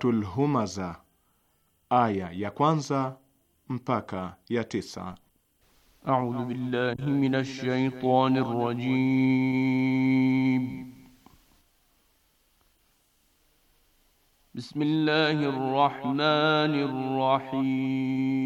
Suratul Humaza aya ya kwanza mpaka ya tisa. A'udhu billahi minash shaitani rajim. Bismillahir rahmanir rahim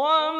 وما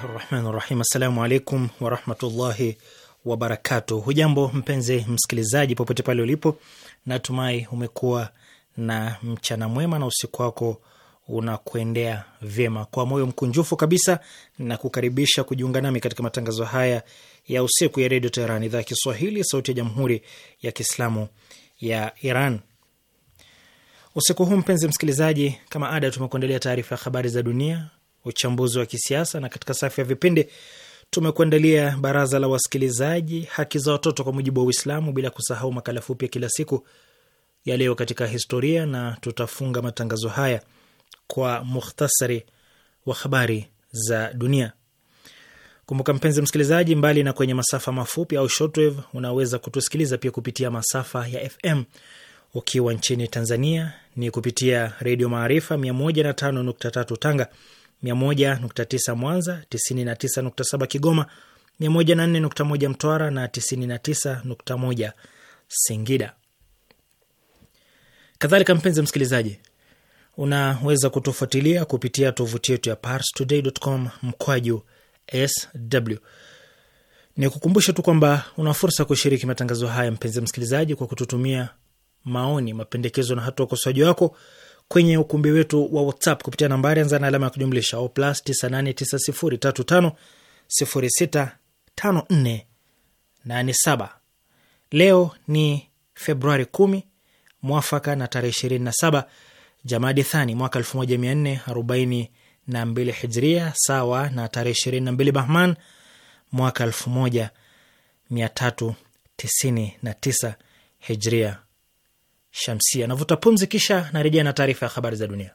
Bismillahi rahmani rahim. Assalamu alaikum warahmatullahi wabarakatu Hujambo mpenzi msikilizaji, popote pale ulipo, natumai umekuwa na mchana mwema na usiku wako unakuendea vyema. Kwa moyo mkunjufu kabisa na kukaribisha kujiunga nami katika matangazo haya ya usiku ya Redio Teheran, idhaa ya Kiswahili, sauti ya Jamhuri ya Kiislamu ya Iran. Usiku huu mpenzi msikilizaji, kama ada, tumekuandalia taarifa ya habari za dunia uchambuzi wa kisiasa, na katika safu ya vipindi tumekuandalia baraza la wasikilizaji, haki za watoto kwa mujibu wa Uislamu, bila kusahau makala fupi ya kila siku ya leo katika historia, na tutafunga matangazo haya kwa mukhtasari wa habari za dunia. Kumbuka mpenzi msikilizaji, mbali na kwenye masafa mafupi au shortwave, unaweza kutusikiliza pia kupitia masafa ya FM. Ukiwa nchini Tanzania ni kupitia Redio Maarifa 105.3 Tanga 101.9 Mwanza, 99.7 Kigoma, 104.1 Mtwara na 99.1 Singida. Kadhalika, mpenzi msikilizaji, unaweza kutufuatilia kupitia tovuti yetu ya parstoday.com mkwaju sw. Ni kukumbusha tu kwamba una fursa kushiriki matangazo haya, mpenzi msikilizaji, kwa kututumia maoni, mapendekezo na hata ukosoaji wako kwenye ukumbi wetu wa WhatsApp kupitia nambari anza na alama ya kujumlisha o plus 989035065487. Leo ni Februari 10 mwafaka na tarehe 27 Jamadi Thani mwaka 1442 Hijria, sawa na tarehe 22 Bahman mwaka 1399 Hijria Shamsia. Navuta pumzi, kisha narejea na taarifa ya habari za dunia.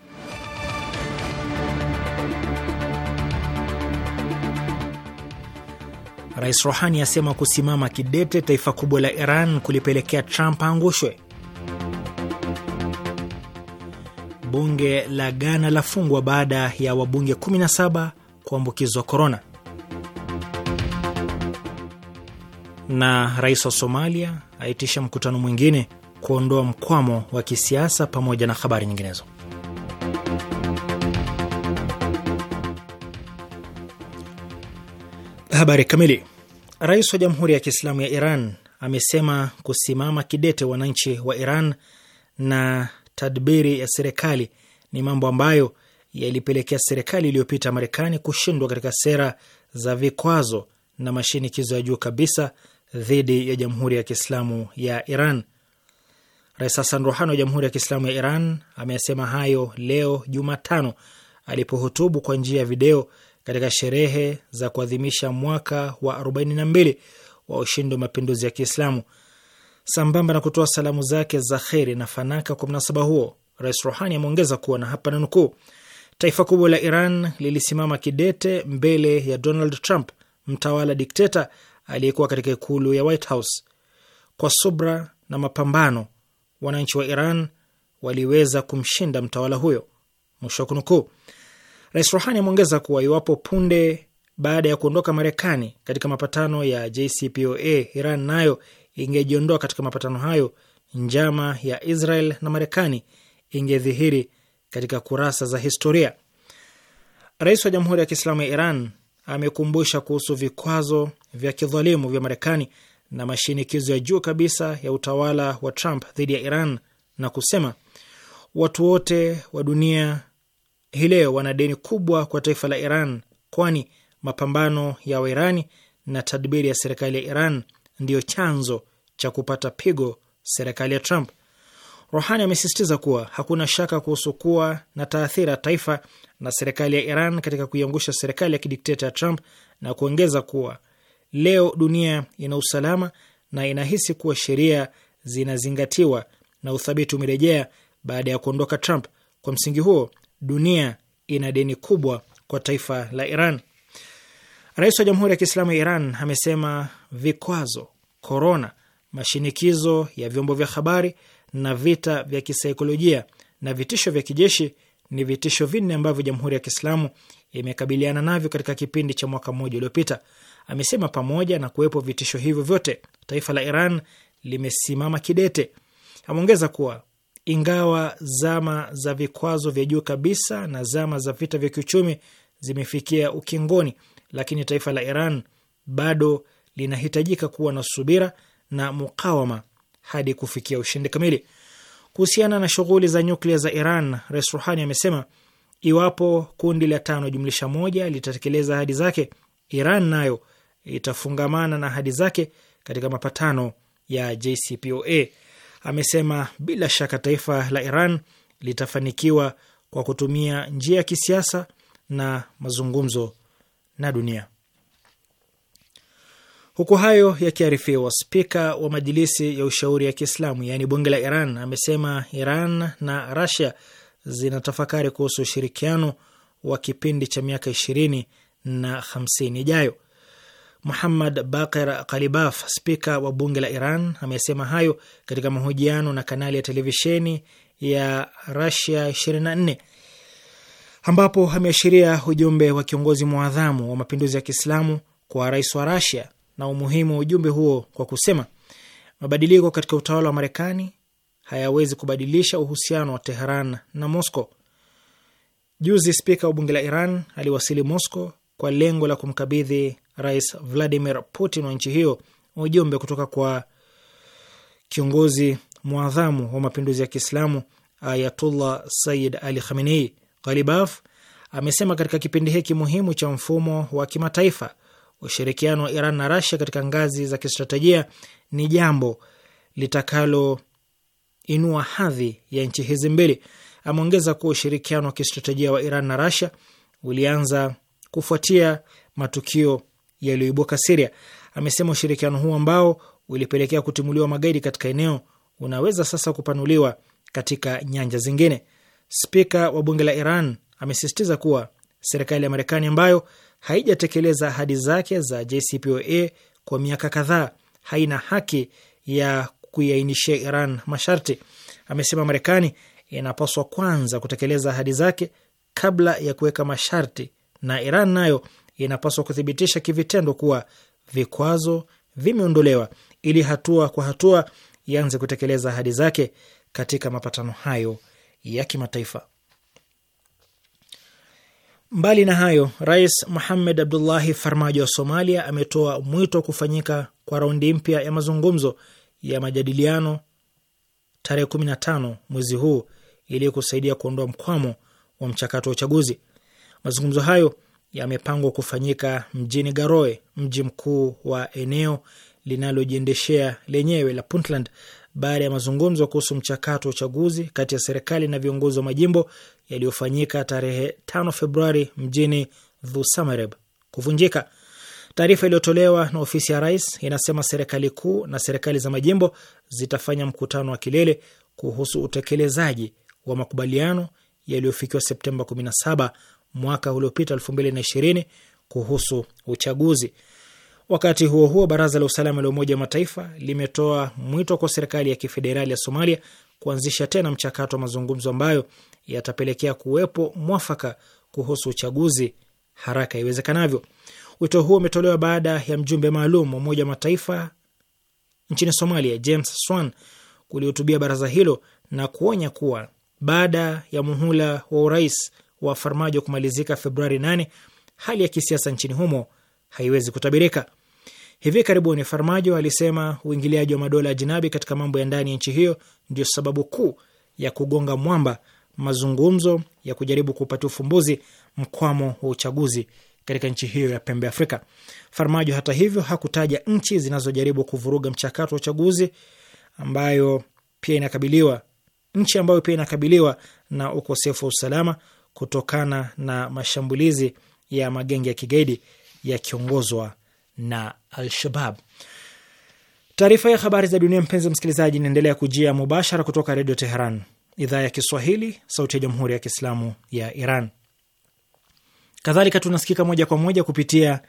Rais Rohani asema kusimama kidete taifa kubwa la Iran kulipelekea Trump aangushwe. Bunge la Ghana lafungwa baada ya wabunge 17 kuambukizwa korona, na rais wa Somalia aitisha mkutano mwingine kuondoa mkwamo wa kisiasa, pamoja na habari nyinginezo. Habari kamili. Rais wa Jamhuri ya Kiislamu ya Iran amesema kusimama kidete wananchi wa Iran na tadbiri ya serikali ni mambo ambayo yalipelekea serikali iliyopita Marekani kushindwa katika sera za vikwazo na mashinikizo ya juu kabisa dhidi ya Jamhuri ya Kiislamu ya Iran. Rais Hassan Rouhani wa Jamhuri ya Kiislamu ya Iran ameyasema hayo leo Jumatano alipohutubu kwa njia ya video katika sherehe za kuadhimisha mwaka wa 42 wa ushindi wa mapinduzi ya Kiislamu. Sambamba na kutoa salamu zake za kheri na fanaka kwa mnasaba huo, Rais Rohani ameongeza kuwa na hapa nanukuu, nukuu, taifa kubwa la Iran lilisimama kidete mbele ya Donald Trump, mtawala dikteta aliyekuwa katika ikulu ya White House. Kwa subra na mapambano, wananchi wa Iran waliweza kumshinda mtawala huyo, mwisho wa kunukuu. Rais Rohani ameongeza kuwa iwapo punde baada ya kuondoka Marekani katika mapatano ya JCPOA Iran nayo ingejiondoa katika mapatano hayo, njama ya Israel na Marekani ingedhihiri katika kurasa za historia. Rais wa Jamhuri ya Kiislamu ya Iran amekumbusha kuhusu vikwazo vya kidhalimu vya Marekani na mashinikizo ya juu kabisa ya utawala wa Trump dhidi ya Iran na kusema watu wote wa dunia hii leo wana deni kubwa kwa taifa la Iran, kwani mapambano ya Wairani na tadbiri ya serikali ya Iran ndiyo chanzo cha kupata pigo serikali ya Trump. Rohani amesisitiza kuwa hakuna shaka kuhusu kuwa na taathira taifa na serikali ya Iran katika kuiangusha serikali ya kidikteta ya Trump na kuongeza kuwa leo dunia ina usalama na inahisi kuwa sheria zinazingatiwa na uthabiti umerejea baada ya kuondoka Trump. Kwa msingi huo dunia ina deni kubwa kwa taifa la Iran. Rais wa Jamhuri ya Kiislamu ya Iran amesema vikwazo, korona, mashinikizo ya vyombo vya habari na vita vya kisaikolojia na vitisho vya kijeshi ni vitisho vinne ambavyo Jamhuri ya Kiislamu imekabiliana navyo katika kipindi cha mwaka mmoja uliopita. Amesema pamoja na kuwepo vitisho hivyo vyote, taifa la Iran limesimama kidete. Ameongeza kuwa ingawa zama za vikwazo vya juu kabisa na zama za vita vya kiuchumi zimefikia ukingoni, lakini taifa la Iran bado linahitajika kuwa na subira na mukawama hadi kufikia ushindi kamili. Kuhusiana na shughuli za nyuklia za Iran, Rais Ruhani amesema iwapo kundi la tano jumlisha moja litatekeleza ahadi zake, Iran nayo itafungamana na ahadi zake katika mapatano ya JCPOA amesema bila shaka taifa la Iran litafanikiwa kwa kutumia njia ya kisiasa na mazungumzo na dunia. Huku hayo yakiarifiwa, spika wa Majilisi ya Ushauri ya Kiislamu yaani bunge la Iran amesema Iran na Rasia zinatafakari kuhusu ushirikiano wa kipindi cha miaka ishirini na hamsini ijayo. Muhammad Bakir Kalibaf, spika wa bunge la Iran, amesema hayo katika mahojiano na kanali ya televisheni ya Rasia 24 ambapo ameashiria ujumbe wa kiongozi mwadhamu wa mapinduzi ya Kiislamu kwa rais wa Rasia na umuhimu wa ujumbe huo kwa kusema, mabadiliko katika utawala wa Marekani hayawezi kubadilisha uhusiano wa Teheran na Moscow. Juzi spika wa bunge la Iran aliwasili Moscow kwa lengo la kumkabidhi Rais Vladimir Putin wa nchi hiyo, ujumbe kutoka kwa kiongozi mwadhamu wa mapinduzi ya Kiislamu Ayatullah Sayyid Ali Khamenei, Ghalibaf amesema katika kipindi hiki muhimu cha mfumo wa kimataifa, ushirikiano wa Iran na Rasia katika ngazi za kistratejia ni jambo litakaloinua hadhi ya nchi hizi mbili. Ameongeza kuwa ushirikiano wa kistratejia wa Iran na Rasia ulianza kufuatia matukio yaliyoibuka Siria. Amesema ushirikiano huu ambao ulipelekea kutimuliwa magaidi katika eneo unaweza sasa kupanuliwa katika nyanja zingine. Spika wa bunge la Iran amesisitiza kuwa serikali ya Marekani ambayo haijatekeleza ahadi zake za JCPOA kwa miaka kadhaa haina haki ya kuiainishia Iran masharti. Amesema Marekani inapaswa kwanza kutekeleza ahadi zake kabla ya kuweka masharti, na Iran nayo inapaswa kuthibitisha kivitendo kuwa vikwazo vimeondolewa ili hatua kwa hatua ianze kutekeleza ahadi zake katika mapatano hayo ya kimataifa. Mbali na hayo, Rais muhamed Abdullahi Farmajo wa Somalia ametoa mwito wa kufanyika kwa raundi mpya ya mazungumzo ya majadiliano tarehe 15 mwezi huu ili kusaidia kuondoa mkwamo wa mchakato wa uchaguzi. Mazungumzo hayo yamepangwa kufanyika mjini Garowe, mji mkuu wa eneo linalojiendeshea lenyewe la Puntland, baada ya mazungumzo kuhusu mchakato wa uchaguzi kati ya serikali na viongozi wa majimbo yaliyofanyika tarehe 5 Februari mjini Dhusamareb kuvunjika. Taarifa iliyotolewa na ofisi ya rais inasema serikali kuu na serikali za majimbo zitafanya mkutano wa kilele kuhusu utekelezaji wa makubaliano yaliyofikiwa Septemba 17 mwaka uliopita 2020 kuhusu uchaguzi. Wakati huo huo, baraza la usalama la Umoja wa Mataifa limetoa mwito kwa serikali ya kifederali ya Somalia kuanzisha tena mchakato wa mazungumzo ambayo yatapelekea kuwepo mwafaka kuhusu uchaguzi haraka iwezekanavyo. Wito huo umetolewa baada ya mjumbe maalum wa Umoja wa Mataifa nchini Somalia, James Swan, kulihutubia baraza hilo na kuonya kuwa baada ya muhula wa urais wa Farmajo kumalizika Februari 8, hali ya kisiasa nchini humo haiwezi kutabirika. Hivi karibuni Farmajo alisema uingiliaji wa madola ya jinabi katika mambo ya ndani ya nchi hiyo ndio sababu kuu ya kugonga mwamba mazungumzo ya kujaribu kuupatia ufumbuzi mkwamo wa uchaguzi katika nchi hiyo ya pembe Afrika. Farmajo hata hivyo hakutaja nchi zinazojaribu kuvuruga mchakato wa uchaguzi ambayo pia inakabiliwa nchi ambayo pia inakabiliwa na ukosefu wa usalama, kutokana na mashambulizi ya magenge ya kigaidi yakiongozwa na Al-Shabab. Taarifa ya habari za dunia, mpenzi msikilizaji, inaendelea kujia mubashara kutoka Redio Teheran, idhaa ya Kiswahili, sauti ya Jamhuri ya Kiislamu ya Iran. Kadhalika tunasikika moja kwa moja kupitia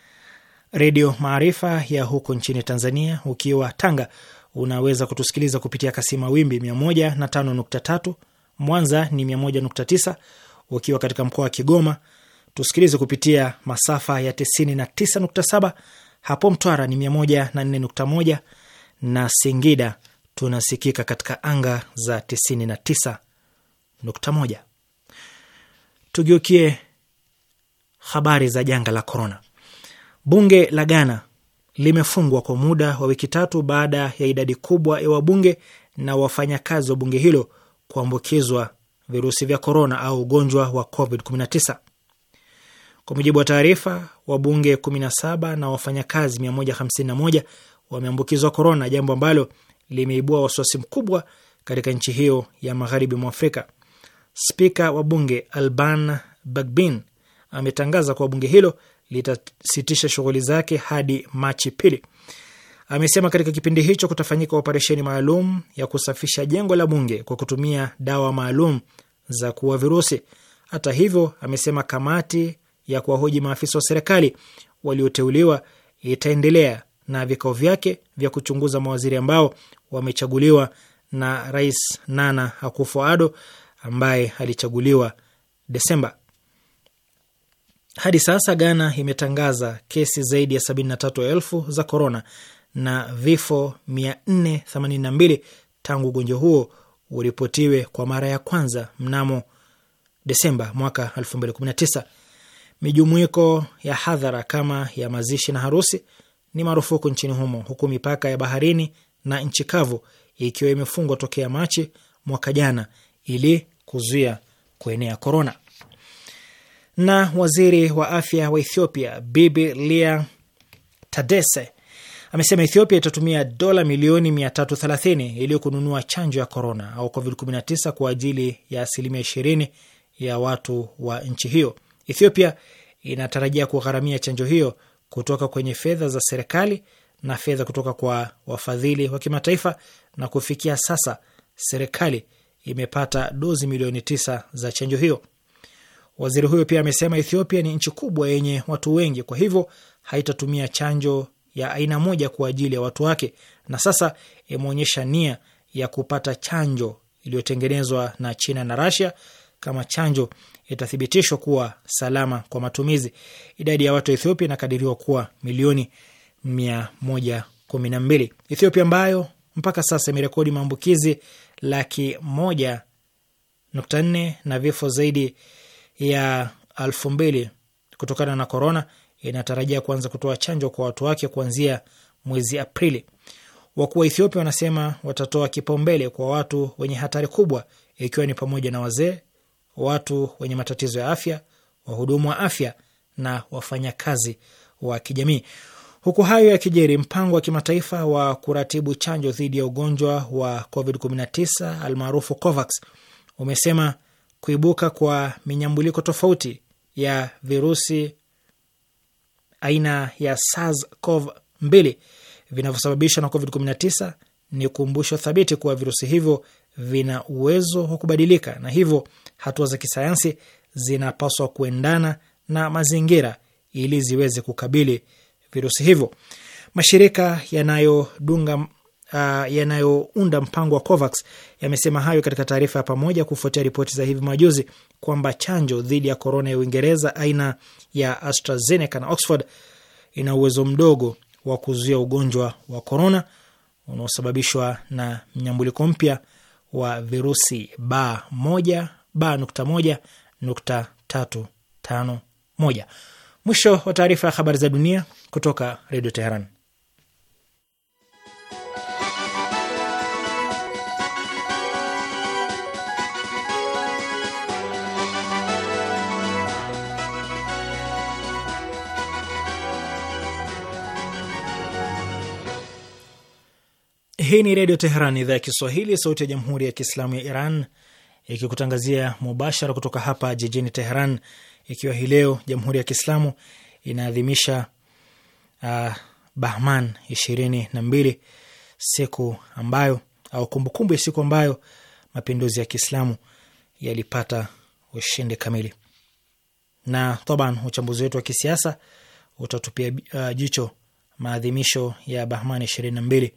Redio Maarifa ya huko nchini Tanzania. Ukiwa Tanga unaweza kutusikiliza kupitia kasima wimbi 105.3, Mwanza ni 101.9, ukiwa katika mkoa wa Kigoma, tusikilize kupitia masafa ya 99.7. Hapo Mtwara ni 104.1 na Singida tunasikika katika anga za 99.1. Tugeukie habari za janga la korona. Bunge la Ghana limefungwa kwa muda wa wiki tatu baada ya idadi kubwa ya wabunge na wafanyakazi wa bunge hilo kuambukizwa virusi vya korona au ugonjwa wa COVID-19. Kwa mujibu wa taarifa, wabunge 17 na wafanyakazi 151 wameambukizwa korona, jambo ambalo limeibua wasiwasi mkubwa katika nchi hiyo ya magharibi mwa Afrika. Spika wa bunge Alban Bagbin ametangaza kuwa bunge hilo litasitisha shughuli zake hadi Machi pili. Amesema katika kipindi hicho kutafanyika operesheni maalum ya kusafisha jengo la bunge kwa kutumia dawa maalum za kuua virusi. Hata hivyo, amesema kamati ya kuwahoji maafisa wa serikali walioteuliwa itaendelea na vikao vyake vya kuchunguza mawaziri ambao wamechaguliwa na Rais Nana Akufo-Addo ambaye alichaguliwa Desemba. Hadi sasa Ghana imetangaza kesi zaidi ya 73,000 za korona na vifo 482 tangu ugonjwa huo uripotiwe kwa mara ya kwanza mnamo Desemba mwaka 2019. Mijumuiko ya hadhara kama ya mazishi na harusi ni marufuku nchini humo, huku mipaka ya baharini na nchi kavu ikiwa imefungwa tokea Machi mwaka jana ili kuzuia kuenea korona. Na waziri wa afya wa Ethiopia Bibi Lia tadese amesema Ethiopia itatumia dola milioni 330 ili kununua chanjo ya korona au COVID-19 kwa ajili ya asilimia 20 ya watu wa nchi hiyo. Ethiopia inatarajia kugharamia chanjo hiyo kutoka kwenye fedha za serikali na fedha kutoka kwa wafadhili wa kimataifa, na kufikia sasa serikali imepata dozi milioni tisa za chanjo hiyo. Waziri huyo pia amesema Ethiopia ni nchi kubwa yenye watu wengi, kwa hivyo haitatumia chanjo ya aina moja kwa ajili ya watu wake, na sasa imeonyesha nia ya kupata chanjo iliyotengenezwa na China na Rasia kama chanjo itathibitishwa kuwa salama kwa matumizi. Idadi ya watu wa Ethiopia inakadiriwa kuwa milioni mbili Ethiopia ambayo mpaka sasa imerekodi maambukizi laki moja nukta nne na vifo zaidi ya elfu mbili kutokana na korona inatarajia kuanza kutoa chanjo kwa watu wake kuanzia mwezi Aprili. Wakuu wa Ethiopia wanasema watatoa kipaumbele kwa watu wenye hatari kubwa, ikiwa ni pamoja na wazee, watu wenye matatizo ya afya, wahudumu wa afya na wafanyakazi wa kijamii. Huku hayo ya kijeri, mpango wa kimataifa wa kuratibu chanjo dhidi ya ugonjwa wa COVID-19 almaarufu COVAX umesema kuibuka kwa minyambuliko tofauti ya virusi aina ya SARS-CoV-2 vinavyosababishwa na COVID-19 ni kumbusho thabiti kuwa virusi hivyo vina uwezo wa kubadilika, na hivyo hatua za kisayansi zinapaswa kuendana na mazingira ili ziweze kukabili virusi hivyo. Mashirika yanayodunga uh, yanayounda mpango wa COVAX yamesema hayo katika taarifa ya pamoja kufuatia ripoti za hivi majuzi kwamba chanjo dhidi ya korona ya Uingereza aina ya AstraZeneca na Oxford ina uwezo mdogo wa kuzuia ugonjwa wa korona unaosababishwa na mnyambuliko mpya wa virusi ba moja ba nukta moja nukta tatu tano moja. Mwisho wa taarifa ya habari za dunia kutoka Redio Teheran. Hii ni Redio Teheran, idhaa ya Kiswahili, sauti ya Jamhuri ya Kiislamu ya Iran, ikikutangazia mubashara kutoka hapa jijini Teheran, ikiwa hii leo Jamhuri ya Kiislamu inaadhimisha uh, Bahman ishirini na mbili, siku ambayo au kumbukumbu ya siku ambayo mapinduzi ya Kiislamu yalipata ushindi kamili. Na taban uchambuzi wetu wa kisiasa utatupia uh, jicho maadhimisho ya Bahman ishirini na mbili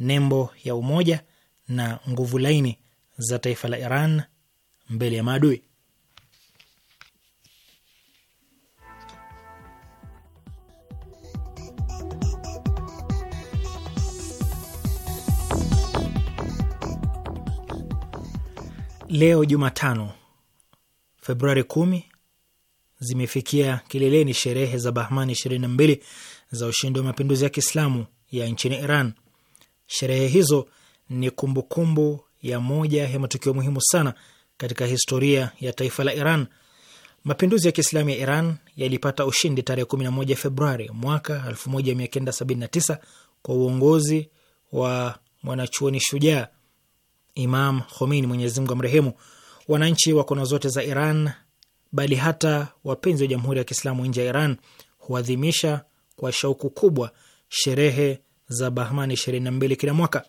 nembo ya umoja na nguvu laini za taifa la Iran mbele ya maadui. Leo Jumatano, Februari kumi, zimefikia kileleni sherehe za Bahmani 22 za ushindi wa mapinduzi ya Kiislamu ya nchini Iran. Sherehe hizo ni kumbukumbu kumbu ya moja ya matukio muhimu sana katika historia ya taifa la Iran. Mapinduzi ya Kiislamu ya Iran yalipata ushindi tarehe 11 Februari mwaka 1979 kwa uongozi wa mwanachuoni shujaa Imam Khomeini, Mwenyezi Mungu amrehemu. Wananchi wa kona zote za Iran, bali hata wapenzi wa Jamhuri ya Kiislamu nje ya Iran huadhimisha kwa shauku kubwa sherehe za Bahman 22 kila mwaka.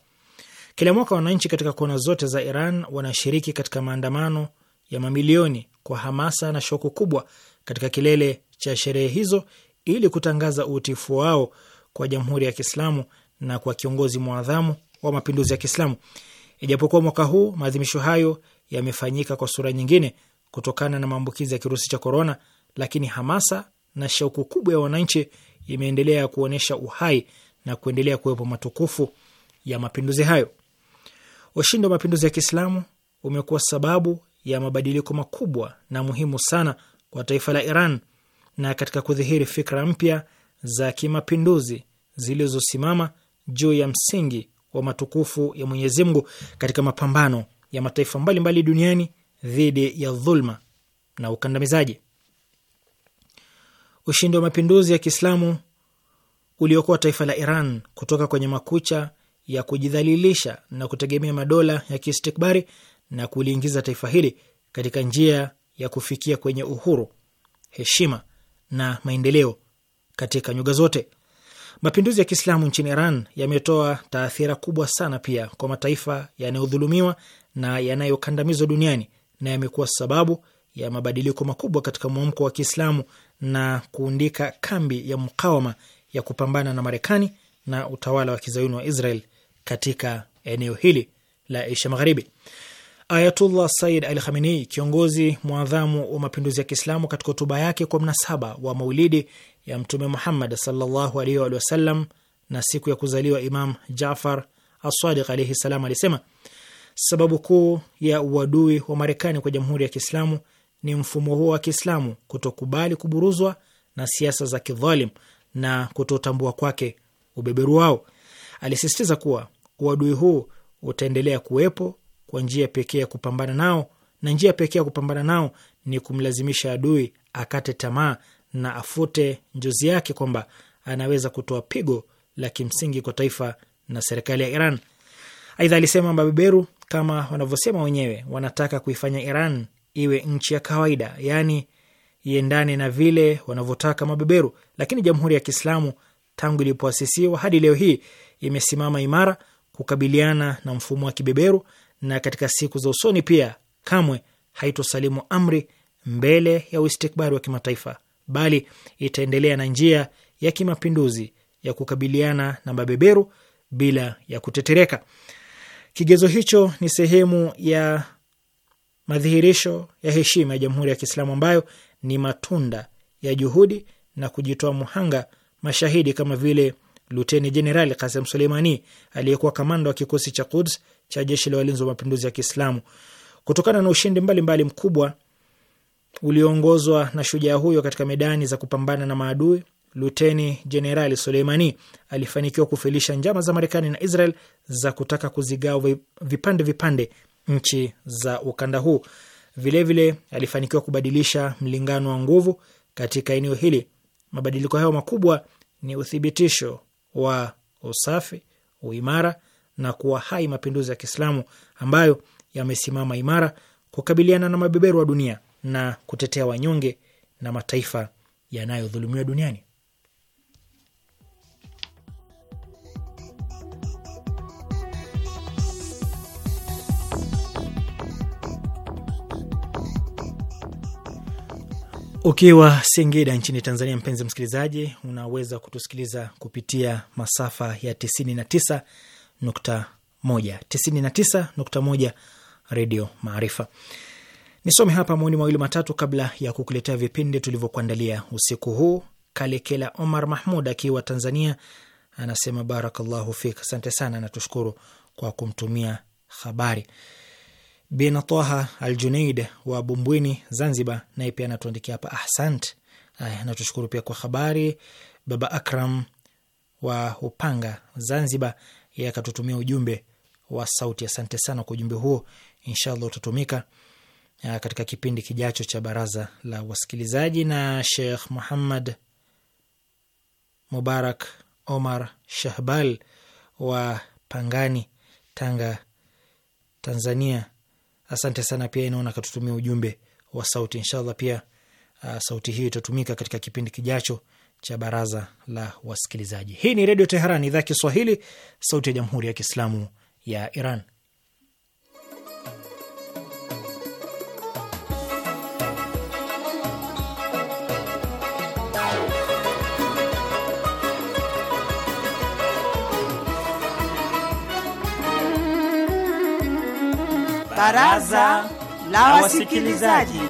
Kila mwaka wananchi katika kona zote za Iran wanashiriki katika maandamano ya mamilioni kwa hamasa na shauku kubwa katika kilele cha sherehe hizo ili kutangaza uutifu wao kwa Jamhuri ya Kiislamu na kwa kiongozi mwadhamu wa mapinduzi ya Kiislamu. Ijapokuwa mwaka huu maadhimisho hayo yamefanyika kwa sura nyingine kutokana na maambukizi ya kirusi cha korona, lakini hamasa na shauku kubwa ya wananchi imeendelea kuonyesha uhai na kuendelea kuwepo matukufu ya mapinduzi hayo. Ushindi wa mapinduzi ya Kiislamu umekuwa sababu ya mabadiliko makubwa na muhimu sana kwa taifa la Iran na katika kudhihiri fikra mpya za kimapinduzi zilizosimama juu ya msingi wa matukufu ya Mwenyezi Mungu katika mapambano ya mataifa mbalimbali mbali duniani dhidi ya dhulma na ukandamizaji. Ushindi wa mapinduzi ya Kiislamu uliokoa taifa la Iran kutoka kwenye makucha ya kujidhalilisha na kutegemea madola ya kiistikbari na kuliingiza taifa hili katika njia ya kufikia kwenye uhuru, heshima na maendeleo katika nyuga zote. Mapinduzi ya Kiislamu nchini Iran yametoa taathira kubwa sana pia kwa mataifa yanayodhulumiwa na yanayokandamizwa duniani na yamekuwa sababu ya mabadiliko makubwa katika mwamko wa Kiislamu na kuundika kambi ya mukawama ya kupambana na Marekani na utawala wa kizayuni wa Israel katika eneo hili la Asia Magharibi. Ayatullah Said Al Khamenei, kiongozi mwadhamu wa mapinduzi ya Kiislamu, katika hotuba yake kwa mnasaba wa maulidi ya Mtume Muhammad sallallahu alaihi wa sallam na siku ya kuzaliwa Imam Jafar Asadiq alaihi salam, alisema sababu kuu ya uadui wa Marekani kwa jamhuri ya Kiislamu ni mfumo huo wa Kiislamu kutokubali kuburuzwa na siasa za kidhalim na kutotambua kwake ubeberu wao. Alisisitiza kuwa uadui huu utaendelea kuwepo kwa njia pekee ya kupambana nao, na njia pekee ya kupambana nao ni kumlazimisha adui akate tamaa na afute njozi yake kwamba anaweza kutoa pigo la kimsingi kwa taifa na serikali ya Iran. Aidha alisema mabeberu kama wanavyosema wenyewe wanataka kuifanya Iran iwe nchi ya kawaida, yaani iendane na vile wanavyotaka mabeberu. Lakini Jamhuri ya Kiislamu tangu ilipoasisiwa hadi leo hii imesimama imara kukabiliana na mfumo wa kibeberu, na katika siku za usoni pia kamwe haitosalimu amri mbele ya uistikbari wa kimataifa, bali itaendelea na njia ya kimapinduzi ya kukabiliana na mabeberu bila ya kutetereka. Kigezo hicho ni sehemu ya madhihirisho ya heshima ya Jamhuri ya Kiislamu ambayo ni matunda ya juhudi na kujitoa muhanga mashahidi kama vile Luteni Jenerali Kasem Suleimani aliyekuwa kamanda wa kikosi cha Quds cha jeshi la walinzi wa mapinduzi ya Kiislamu. Kutokana na ushindi mbalimbali mbali mkubwa ulioongozwa na shujaa huyo katika medani za kupambana na maadui, Luteni Jenerali Suleimani alifanikiwa kufilisha njama za Marekani na Israel za kutaka kuzigawa vipande vipande nchi za ukanda huu. Vilevile alifanikiwa kubadilisha mlingano wa nguvu katika eneo hili. Mabadiliko hayo makubwa ni uthibitisho wa usafi, uimara na kuwa hai mapinduzi ya Kiislamu ambayo yamesimama imara kukabiliana na mabeberu wa dunia na kutetea wanyonge na mataifa yanayodhulumiwa duniani. Ukiwa Singida nchini Tanzania, mpenzi msikilizaji, unaweza kutusikiliza kupitia masafa ya 99.1 99.1 Redio Maarifa. Nisome hapa maoni mawili matatu kabla ya kukuletea vipindi tulivyokuandalia usiku huu. Kalekela Omar Mahmud akiwa Tanzania anasema barakallahu fik. Asante sana, natushukuru kwa kumtumia habari. Bin Taha Al Junaid wa Bumbwini, Zanzibar, naye pia anatuandikia hapa. Ahsant. Aya, natushukuru pia kwa habari. Baba Akram wa Upanga, Zanzibar, yeye akatutumia ujumbe wa sauti. Asante sana kwa ujumbe huo, inshallah utatumika katika kipindi kijacho cha baraza la wasikilizaji. Na Shekh Muhammad Mubarak Omar Shahbal wa Pangani, Tanga, Tanzania Asante sana. Pia inaona katutumia ujumbe wa sauti. Inshallah pia uh, sauti hiyo itatumika katika kipindi kijacho cha baraza la wasikilizaji. Hii ni Redio Teheran, idhaa ya Kiswahili, sauti ya jamhuri ya kiislamu ya Iran. Baraza la Wasikilizaji.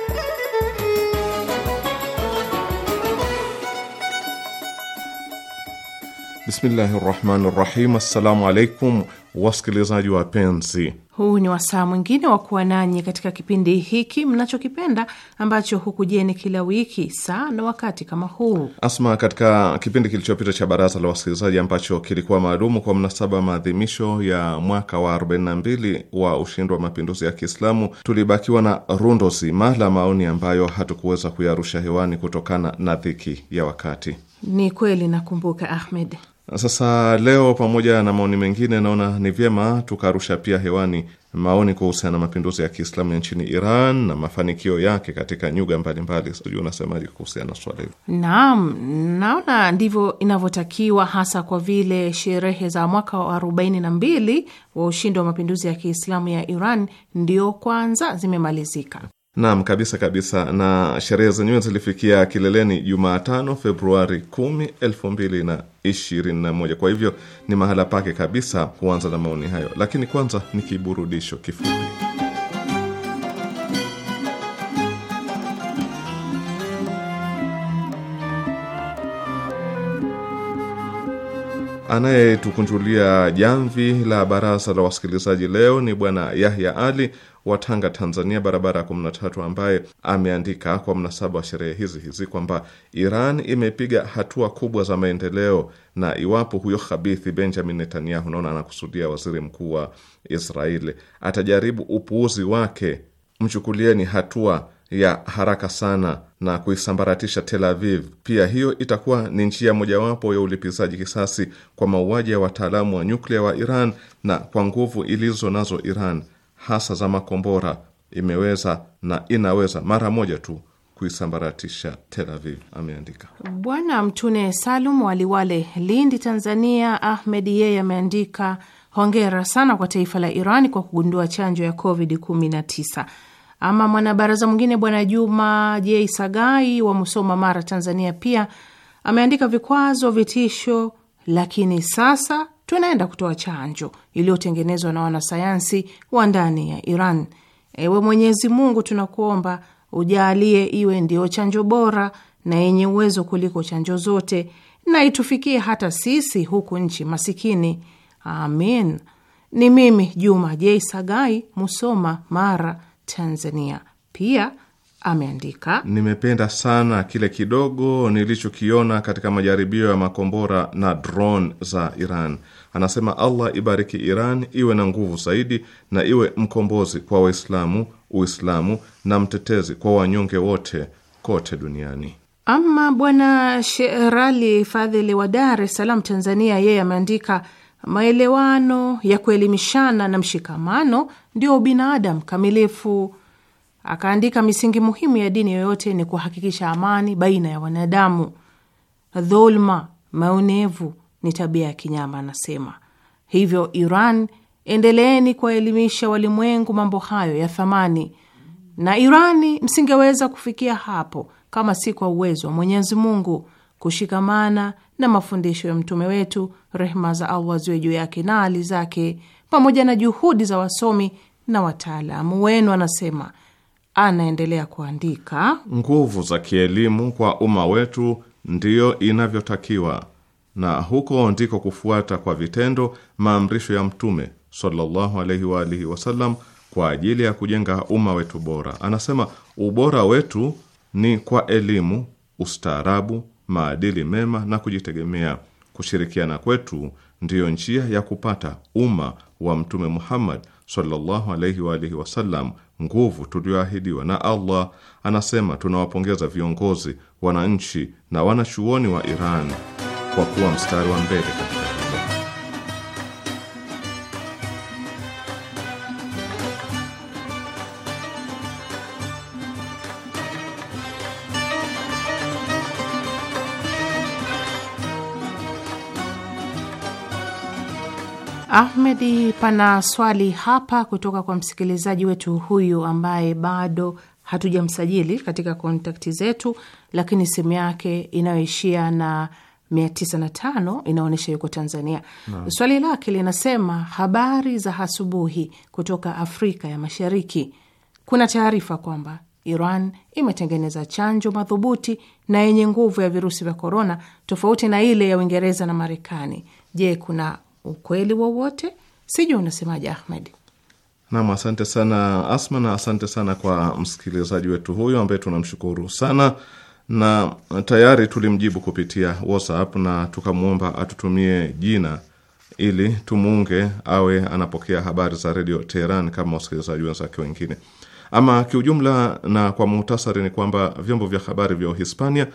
Bismillahi rahmani rahim. Assalamu alaikum wasikilizaji wapenzi, huu ni wasaa mwingine wa kuwa nanyi katika kipindi hiki mnachokipenda ambacho hukujeni kila wiki saa na wakati kama huu. Asma, katika kipindi kilichopita cha baraza la wasikilizaji ambacho kilikuwa maalumu kwa mnasaba wa maadhimisho ya mwaka wa 42 wa ushindi wa mapinduzi ya Kiislamu, tulibakiwa na rundo zima la maoni ambayo hatukuweza kuyarusha hewani kutokana na dhiki ya wakati. Ni kweli nakumbuka, Ahmed. Sasa leo, pamoja na maoni mengine, naona ni vyema tukarusha pia hewani maoni kuhusiana na mapinduzi ya Kiislamu ya nchini Iran na mafanikio yake katika nyuga mbalimbali. Sijui unasemaje kuhusiana na swala hili? Naam, naona ndivyo inavyotakiwa, hasa kwa vile sherehe za mwaka wa arobaini na mbili wa ushindi wa mapinduzi ya Kiislamu ya Iran ndio kwanza zimemalizika. Naam, kabisa kabisa. Na sherehe zenyewe zilifikia kileleni Jumatano Februari 10, 2021. Kwa hivyo ni mahala pake kabisa kuanza na maoni hayo, lakini kwanza ni kiburudisho kifupi. Anayetukunjulia jamvi la baraza la wasikilizaji leo ni Bwana Yahya Ali wa Tanga, Tanzania, barabara ya 13, ambaye ameandika kwa mnasaba wa sherehe hizi hizi kwamba Iran imepiga hatua kubwa za maendeleo, na iwapo huyo khabithi Benjamin Netanyahu, naona anakusudia waziri mkuu wa Israeli, atajaribu upuuzi wake, mchukulieni hatua ya haraka sana na kuisambaratisha Tel Aviv. Pia hiyo itakuwa ni njia mojawapo ya ulipizaji kisasi kwa mauaji ya wataalamu wa nyuklia wa Iran na kwa nguvu ilizo nazo Iran hasa za makombora imeweza na inaweza mara moja tu kuisambaratisha Tel Aviv, ameandika Bwana Mtune Salum Waliwale, Lindi, Tanzania. ahmed yeye ameandika hongera sana kwa taifa la Iran kwa kugundua chanjo ya Covid 19. Ama mwanabaraza mwingine Bwana Juma J Sagai wa Musoma, Mara, Tanzania, pia ameandika vikwazo, vitisho, lakini sasa tunaenda kutoa chanjo iliyotengenezwa na wanasayansi wa ndani ya Iran. Ewe Mwenyezi Mungu, tunakuomba ujaalie iwe ndiyo chanjo bora na yenye uwezo kuliko chanjo zote, na itufikie hata sisi huku nchi masikini. Amin. Ni mimi Juma J Sagai, Musoma, Mara, Tanzania. Pia ameandika nimependa sana kile kidogo nilichokiona katika majaribio ya makombora na drone za Iran. Anasema Allah ibariki Iran iwe na nguvu zaidi na iwe mkombozi kwa Waislamu, Uislamu na mtetezi kwa wanyonge wote kote duniani. Ama bwana Sherali Fadhili wa Dar es Salaam, Tanzania, yeye ameandika maelewano ya kuelimishana na mshikamano ndio binadamu kamilifu. Akaandika misingi muhimu ya dini yoyote ni kuhakikisha amani baina ya wanadamu. Dhulma, maonevu ni tabia ya kinyama, anasema. Hivyo Iran endeleeni kuwaelimisha walimwengu mambo hayo ya thamani, na Irani msingeweza kufikia hapo kama si kwa uwezo wa Mwenyezi Mungu kushikamana na mafundisho ya mtume wetu, rehma za Allah ziwe juu yake na hali zake, pamoja na juhudi za wasomi na wataalamu wenu, anasema. Anaendelea kuandika, nguvu za kielimu kwa umma wetu ndiyo inavyotakiwa na huko ndiko kufuata kwa vitendo maamrisho ya Mtume sallallahu alaihi wa alihi wasallam kwa ajili ya kujenga umma wetu bora. Anasema ubora wetu ni kwa elimu, ustaarabu, maadili mema na kujitegemea. Kushirikiana kwetu ndiyo njia ya kupata umma wa Mtume Muhammad sallallahu alaihi wa alihi wasallam, nguvu tuliyoahidiwa na Allah. Anasema tunawapongeza viongozi, wananchi na wanachuoni wa Iran kwa kuwa mstari wa mbele katika hilo. Ahmedi, pana swali hapa kutoka kwa msikilizaji wetu huyu ambaye bado hatujamsajili katika kontakti zetu, lakini simu yake inayoishia na 905 inaonyesha yuko Tanzania no. Swali lake linasema habari za asubuhi kutoka Afrika ya Mashariki, kuna taarifa kwamba Iran imetengeneza chanjo madhubuti na yenye nguvu ya virusi vya korona tofauti na ile ya Uingereza na Marekani. Je, kuna ukweli wowote? Sijui unasemaje Ahmed? Nam, asante sana Asma, na asante sana kwa msikilizaji wetu huyo ambaye tunamshukuru sana na tayari tulimjibu kupitia WhatsApp na tukamwomba atutumie jina ili tumuunge awe anapokea habari za redio Teheran kama wasikilizaji wenzake wengine. Ama kiujumla na kwa muhtasari, ni kwamba vyombo vya habari vya Uhispania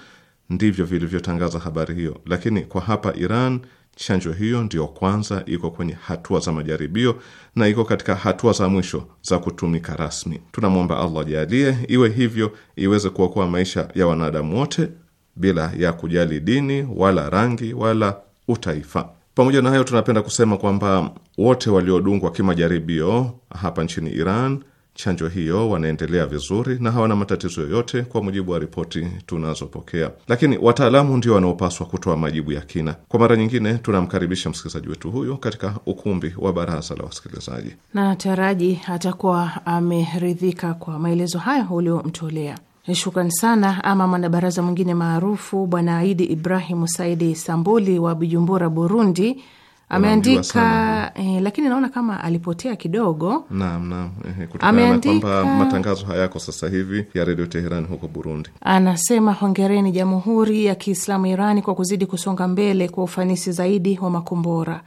ndivyo vilivyotangaza habari hiyo, lakini kwa hapa Iran Chanjo hiyo ndiyo kwanza iko kwenye hatua za majaribio na iko katika hatua za mwisho za kutumika rasmi. Tunamwomba Allah jalie iwe hivyo, iweze kuokoa maisha ya wanadamu wote bila ya kujali dini wala rangi wala utaifa. Pamoja na hayo, tunapenda kusema kwamba wote waliodungwa kimajaribio hapa nchini Iran chanjo hiyo wanaendelea vizuri na hawana matatizo yoyote, kwa mujibu wa ripoti tunazopokea, lakini wataalamu ndio wanaopaswa kutoa majibu ya kina. Kwa mara nyingine, tunamkaribisha msikilizaji wetu huyo katika ukumbi wa baraza la wasikilizaji, na taraji atakuwa ameridhika kwa maelezo hayo uliomtolea. Shukran sana. Ama mwanabaraza mwingine maarufu Bwana Aidi Ibrahimu Saidi Sambuli wa Bujumbura, Burundi, ameandika eh, lakini naona kama alipotea kidogo. Naam, naam, eh, kwamba matangazo hayako sasa hivi ya redio Teheran huko Burundi. Anasema hongereni Jamhuri ya Kiislamu Irani kwa kuzidi kusonga mbele kwa ufanisi zaidi wa makombora,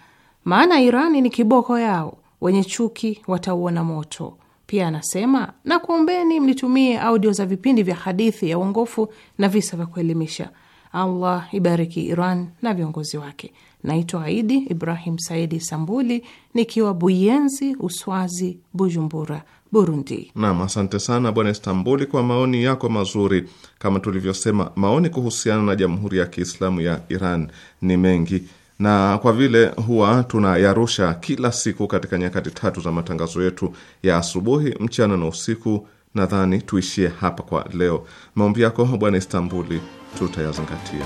maana Irani ni kiboko yao, wenye chuki watauona moto. Pia anasema na kuombeni audio za vipindi vya hadithi ya uongofu na visa vya kuelimisha. Allah ibariki Iran na viongozi wake. Naitwa Aidi Ibrahim Saidi Sambuli, nikiwa Buyenzi, Uswazi, Bujumbura, Burundi. Nam, asante sana Bwana Istambuli kwa maoni yako mazuri. Kama tulivyosema, maoni kuhusiana na Jamhuri ya Kiislamu ya Iran ni mengi na kwa vile huwa tunayarusha kila siku katika nyakati tatu za matangazo yetu ya asubuhi, mchana na usiku, nadhani tuishie hapa kwa leo. Maombi yako Bwana Istambuli tutayazingatia.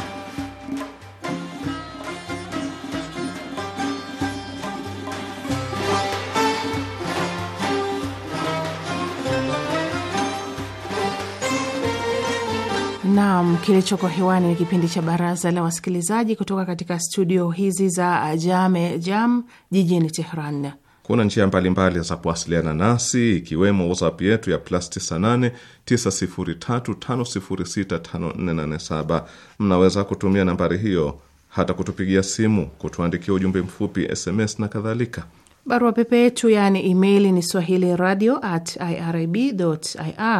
Naam, kilichoko hewani ni kipindi cha baraza la wasikilizaji kutoka katika studio hizi za Jame Jam jijini Tehran. Kuna njia mbalimbali za kuwasiliana nasi ikiwemo WhatsApp yetu ya plus 989035065487. Mnaweza kutumia nambari hiyo hata kutupigia simu, kutuandikia ujumbe mfupi SMS na kadhalika. Barua pepe yetu yaani email ni swahili radio at irib ir.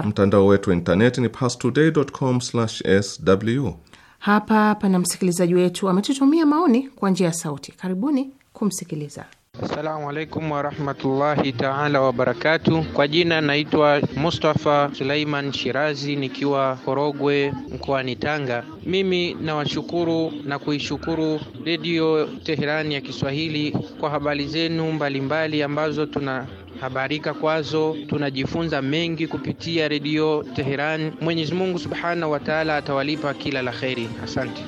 Mtandao wetu wa intaneti ni pastoday.com sw. Hapa pana msikilizaji wetu ametutumia maoni kwa njia ya sauti. Karibuni kumsikiliza. Assalamu alaikum warahmatullahi taala wabarakatu. Kwa jina naitwa Mustafa Suleiman Shirazi nikiwa Korogwe mkoani Tanga. Mimi nawashukuru na kuishukuru Redio Teherani ya Kiswahili kwa habari zenu mbalimbali ambazo tuna habarika kwazo, tunajifunza mengi kupitia Redio teheran Mwenyezi Mungu subhanahu wa taala atawalipa kila la kheri. Asante.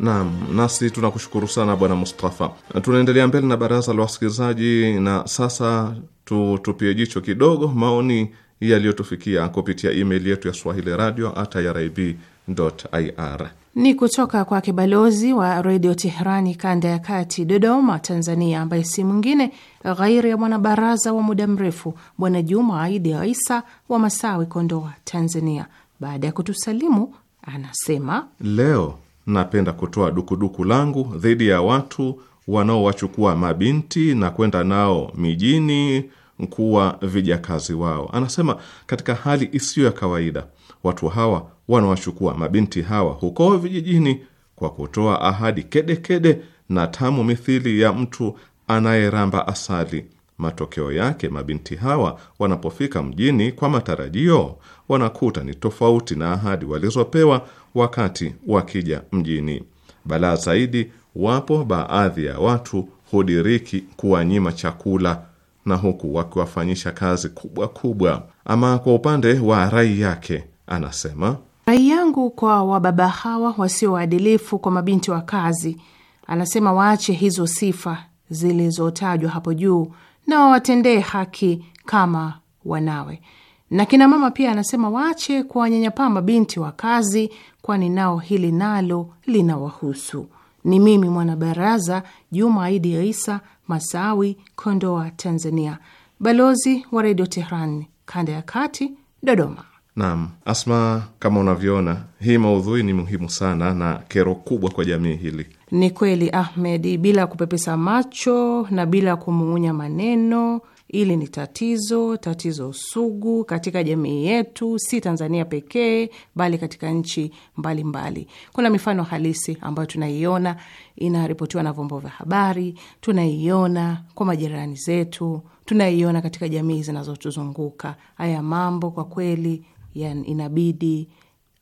Naam, nasi tunakushukuru sana bwana Mustafa. Tunaendelea mbele na baraza la wasikilizaji, na sasa tutupie jicho kidogo maoni yaliyotufikia kupitia email yetu ya swahili radio at irib.ir. Ni kutoka kwa kibalozi wa redio Teherani kanda ya kati Dodoma, Tanzania, ambaye si mwingine ghairi ya mwanabaraza wa muda mrefu bwana Juma Aidi Isa wa Masawi, Kondoa, Tanzania. Baada ya kutusalimu, anasema leo napenda kutoa dukuduku langu dhidi ya watu wanaowachukua mabinti na kwenda nao mijini kuwa vijakazi wao. Anasema katika hali isiyo ya kawaida, watu hawa wanawachukua mabinti hawa huko vijijini kwa kutoa ahadi kedekede kede na tamu mithili ya mtu anayeramba asali. Matokeo yake mabinti hawa wanapofika mjini kwa matarajio, wanakuta ni tofauti na ahadi walizopewa wakati wakija mjini. Balaa zaidi, wapo baadhi ya watu hudiriki kuwanyima chakula na huku wakiwafanyisha kazi kubwa kubwa. Ama kwa upande wa rai yake anasema, rai yangu kwa wababa hawa wasio waadilifu kwa mabinti wa kazi, anasema waache hizo sifa zilizotajwa hapo juu na wawatendee haki kama wanawe na kina mama pia anasema waache kuwanyanyapaa mabinti wa kazi, kwani nao hili nalo linawahusu. Ni mimi mwanabaraza Juma Aidi ya Isa Masawi, Kondoa, Tanzania, balozi wa Redio Tehran kanda ya kati, Dodoma. Naam, Asma, kama unavyoona hii maudhui ni muhimu sana na kero kubwa kwa jamii hili. Ni kweli Ahmedi, bila kupepesa macho na bila kumuunya maneno Hili ni tatizo, tatizo sugu katika jamii yetu, si Tanzania pekee, bali katika nchi mbalimbali mbali. Kuna mifano halisi ambayo tunaiona inaripotiwa na vyombo vya habari, tunaiona kwa majirani zetu, tunaiona katika jamii zinazotuzunguka. Haya mambo kwa kweli inabidi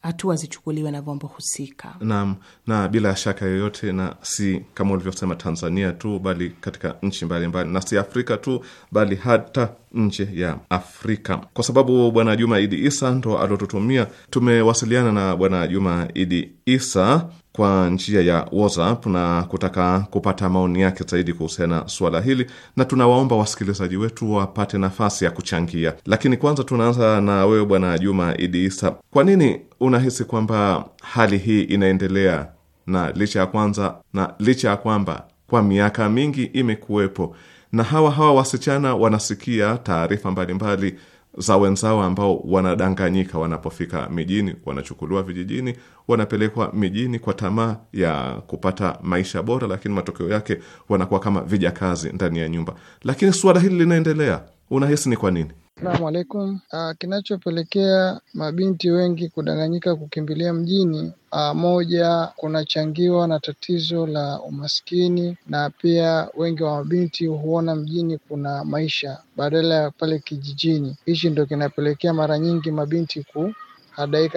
hatua zichukuliwe na vyombo husika. Naam, na bila shaka yoyote, na si kama ulivyosema Tanzania tu, bali katika nchi mbalimbali, na si Afrika tu, bali hata nje ya Afrika. Kwa sababu Bwana Juma Idi Isa ndo aliotutumia, tumewasiliana na Bwana Juma Idi Isa kwa njia ya WhatsApp na kutaka kupata maoni yake zaidi kuhusiana na suala hili, na tunawaomba wasikilizaji wetu wapate nafasi ya kuchangia. Lakini kwanza tunaanza na wewe Bwana Juma Idi Isa, kwa nini unahisi kwamba hali hii inaendelea na licha ya kwanza na licha ya kwamba kwa miaka mingi imekuwepo na hawa hawa wasichana wanasikia taarifa mbalimbali za wenzao ambao wanadanganyika wanapofika mijini, wanachukuliwa vijijini, wanapelekwa mijini kwa tamaa ya kupata maisha bora, lakini matokeo yake wanakuwa kama vijakazi ndani ya nyumba. Lakini suala hili linaendelea Unahisi ni kwa nini? salamu alaikum. Ah, kinachopelekea mabinti wengi kudanganyika kukimbilia mjini, uh, moja kunachangiwa na tatizo la umaskini, na pia wengi wa mabinti huona mjini kuna maisha badala ya pale kijijini. Hichi ndio kinapelekea mara nyingi mabinti ku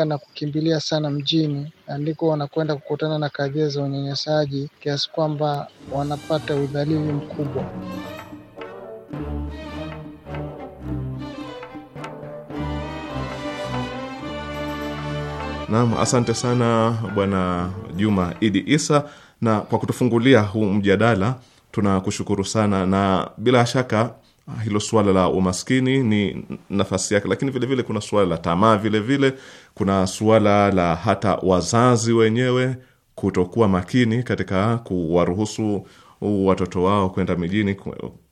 na kukimbilia sana mjini, na ndiko wanakwenda kukutana na kadhia za unyanyasaji kiasi kwamba wanapata udhalili mkubwa. Naam, asante sana Bwana Juma Idi Isa, na kwa kutufungulia huu mjadala tunakushukuru sana, na bila shaka hilo suala la umaskini ni nafasi yake, lakini vilevile vile kuna suala la tamaa, vilevile kuna suala la hata wazazi wenyewe kutokuwa makini katika kuwaruhusu watoto wao kwenda mijini,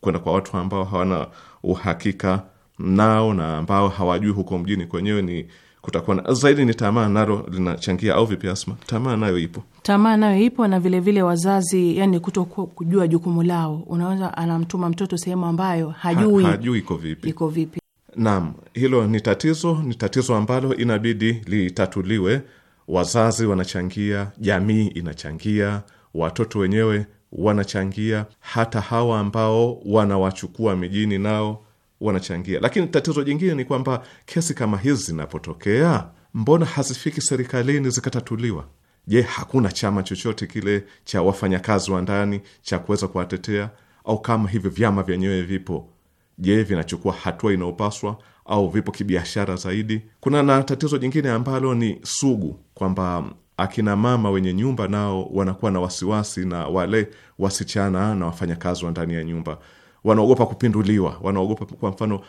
kwenda kwa watu ambao hawana uhakika nao na ambao hawajui huko mjini kwenyewe ni kutakuwa na zaidi. Ni tamaa nalo linachangia, au vipi Asma? Tamaa nayo ipo, tamaa nayo ipo, na vilevile vile wazazi, yani kuto kujua jukumu lao. Unaweza anamtuma mtoto sehemu ambayo hajui, ha, hajui iko vipi, iko vipi. Naam, hilo ni tatizo, ni tatizo ambalo inabidi litatuliwe. Wazazi wanachangia, jamii inachangia, watoto wenyewe wanachangia, hata hawa ambao wanawachukua mijini nao wanachangia. Lakini tatizo jingine ni kwamba kesi kama hizi zinapotokea, mbona hazifiki serikalini zikatatuliwa? Je, hakuna chama chochote kile cha wafanyakazi wa ndani cha kuweza kuwatetea? Au kama hivyo vyama vyenyewe vipo, je, vinachukua hatua inayopaswa au vipo kibiashara zaidi? Kuna na tatizo jingine ambalo ni sugu kwamba akina mama wenye nyumba nao wanakuwa na wasiwasi na wale wasichana na wafanyakazi wa ndani ya nyumba wanaogopa kupinduliwa, wanaogopa kwa mfano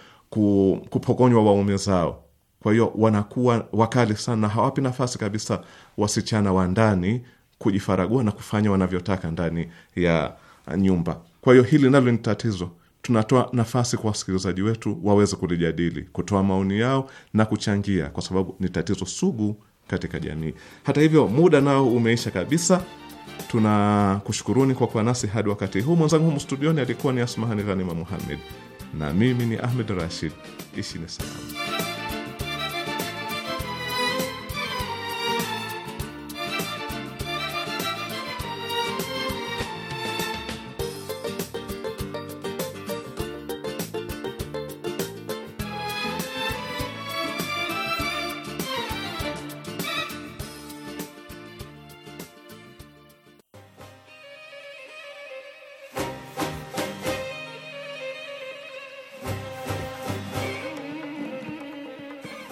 kupokonywa waume zao. Kwa hiyo wanakuwa wakali sana, hawapi nafasi kabisa wasichana wa ndani kujifaragua na kufanya wanavyotaka ndani ya nyumba. Kwa hiyo hili nalo ni tatizo. Tunatoa nafasi kwa wasikilizaji wetu waweze kulijadili, kutoa maoni yao na kuchangia, kwa sababu ni tatizo sugu katika jamii. Hata hivyo, muda nao umeisha kabisa. Tunakushukuruni kwa kuwa nasi hadi wakati huu. Mwenzangu humu studioni alikuwa ni Asmahani Ghanima Muhammed na mimi ni Ahmed Rashid. ishi ni salama.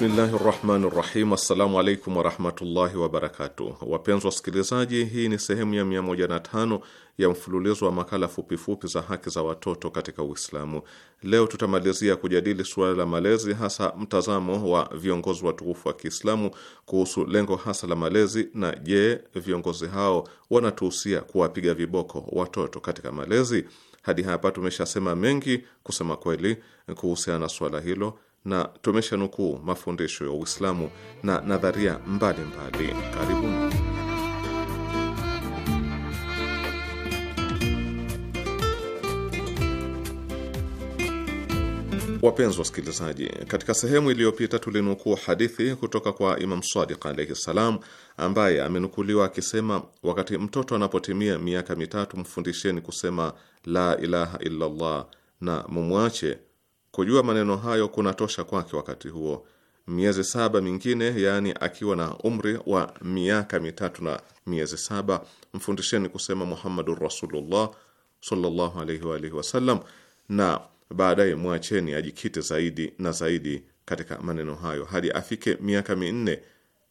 Bismillahi rahmani rahim. Assalamu alaikum warahmatullahi wabarakatuh. Wapenzi wasikilizaji, hii ni sehemu ya 105 ya mfululizo wa makala fupifupi za haki za watoto katika Uislamu. Leo tutamalizia kujadili suala la malezi, hasa mtazamo wa viongozi watukufu wa Kiislamu kuhusu lengo hasa la malezi na je, viongozi hao wanatuhusia kuwapiga viboko watoto katika malezi? Hadi hapa tumeshasema mengi kusema kweli kuhusiana na suala hilo na tumeshanukuu mafundisho ya Uislamu na nadharia mbalimbali. Karibu. Wapenzi wasikilizaji, katika sehemu iliyopita tulinukuu hadithi kutoka kwa Imam Sadiq alaihi ssalam, ambaye amenukuliwa akisema, wakati mtoto anapotimia miaka mitatu, mfundisheni kusema la ilaha illallah na mumwache Kujua maneno hayo kuna tosha kwake wakati huo. Miezi saba mingine, yaani akiwa na umri wa miaka mitatu na miezi saba, mfundisheni kusema Muhammadur Rasulullah sallallahu alaihi wa alihi wasallam, na baadaye mwacheni ajikite zaidi na zaidi katika maneno hayo hadi afike miaka minne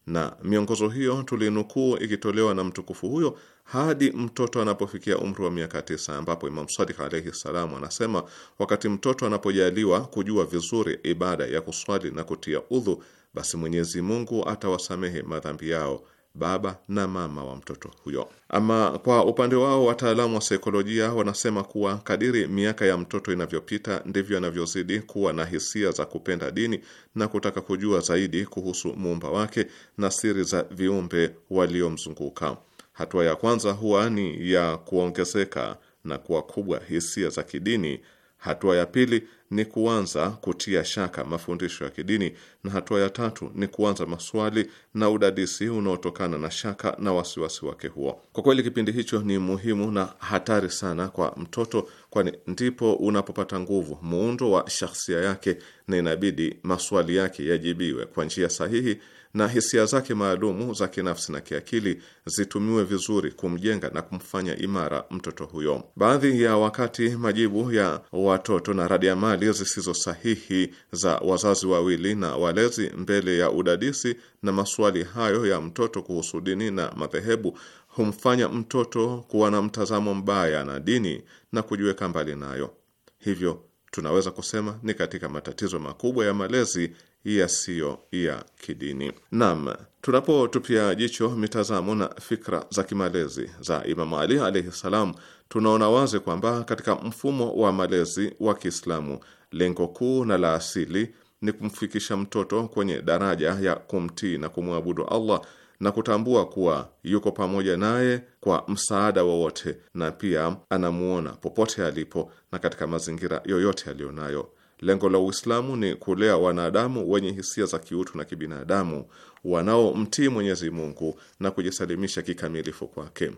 na miongozo hiyo tulinukuu ikitolewa na mtukufu huyo hadi mtoto anapofikia umri wa miaka tisa, ambapo Imam Sadiq alaihi salamu anasema wakati mtoto anapojaliwa kujua vizuri ibada ya kuswali na kutia udhu, basi Mwenyezi Mungu atawasamehe madhambi yao baba na mama wa mtoto huyo. Ama kwa upande wao, wataalamu wa saikolojia wanasema kuwa kadiri miaka ya mtoto inavyopita ndivyo anavyozidi kuwa na hisia za kupenda dini na kutaka kujua zaidi kuhusu muumba wake na siri za viumbe waliomzunguka. Hatua ya kwanza huwa ni ya kuongezeka na kuwa kubwa hisia za kidini Hatua ya pili ni kuanza kutia shaka mafundisho ya kidini, na hatua ya tatu ni kuanza maswali na udadisi unaotokana na shaka na wasiwasi wake huo. Kwa kweli, kipindi hicho ni muhimu na hatari sana kwa mtoto, kwani ndipo unapopata nguvu muundo wa shahsia yake, na inabidi maswali yake yajibiwe kwa njia sahihi na hisia zake maalumu za kinafsi na kiakili zitumiwe vizuri kumjenga na kumfanya imara mtoto huyo. Baadhi ya wakati majibu ya watoto na radiamali zisizo sahihi za wazazi wawili na walezi mbele ya udadisi na maswali hayo ya mtoto kuhusu dini na madhehebu humfanya mtoto kuwa na mtazamo mbaya na dini na kujiweka mbali nayo. Hivyo tunaweza kusema ni katika matatizo makubwa ya malezi yasiyo ya kidini. Naam, tunapotupia jicho mitazamo na fikra za kimalezi za Imamu Ali alaihi ssalam, tunaona wazi kwamba katika mfumo wa malezi wa Kiislamu lengo kuu na la asili ni kumfikisha mtoto kwenye daraja ya kumtii na kumwabudu Allah na kutambua kuwa yuko pamoja naye kwa msaada wowote, na pia anamuona popote alipo na katika mazingira yoyote aliyonayo. Lengo la Uislamu ni kulea wanadamu wenye hisia za kiutu na kibinadamu wanaomtii Mwenyezi Mungu na kujisalimisha kikamilifu kwake.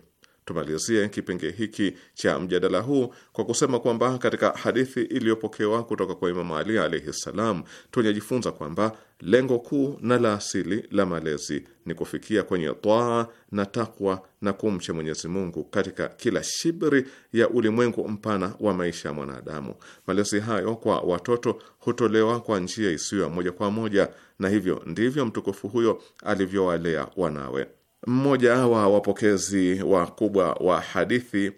Tumalizie kipengee hiki cha mjadala huu kwa kusema kwamba katika hadithi iliyopokewa kutoka kwa Imamu Ali alaihi ssalam, tunajifunza kwamba lengo kuu na la asili la malezi ni kufikia kwenye twaa na takwa na kumcha Mwenyezi Mungu katika kila shibri ya ulimwengu mpana wa maisha ya mwanadamu. Malezi hayo kwa watoto hutolewa kwa njia isiyo ya moja kwa moja, na hivyo ndivyo mtukufu huyo alivyowalea wanawe. Mmoja wa wapokezi wakubwa wa hadithi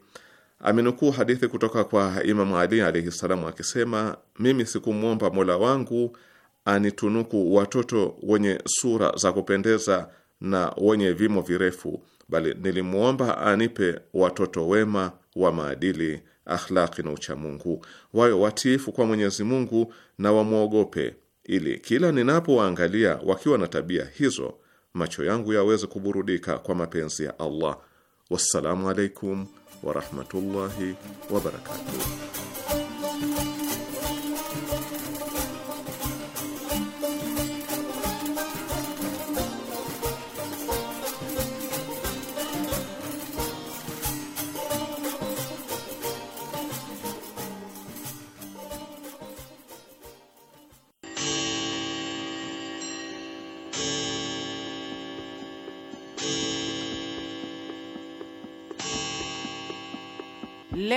amenukuu hadithi kutoka kwa Imamu Ali alaihi salamu akisema, mimi sikumwomba mola wangu anitunuku watoto wenye sura za kupendeza na wenye vimo virefu, bali nilimwomba anipe watoto wema wa maadili, akhlaki na uchamungu, wawe watiifu kwa Mwenyezi Mungu na wamwogope, ili kila ninapowaangalia wakiwa na tabia hizo macho yangu yaweze kuburudika kwa mapenzi ya Allah. Wassalamu alaikum warahmatullahi wabarakatuh.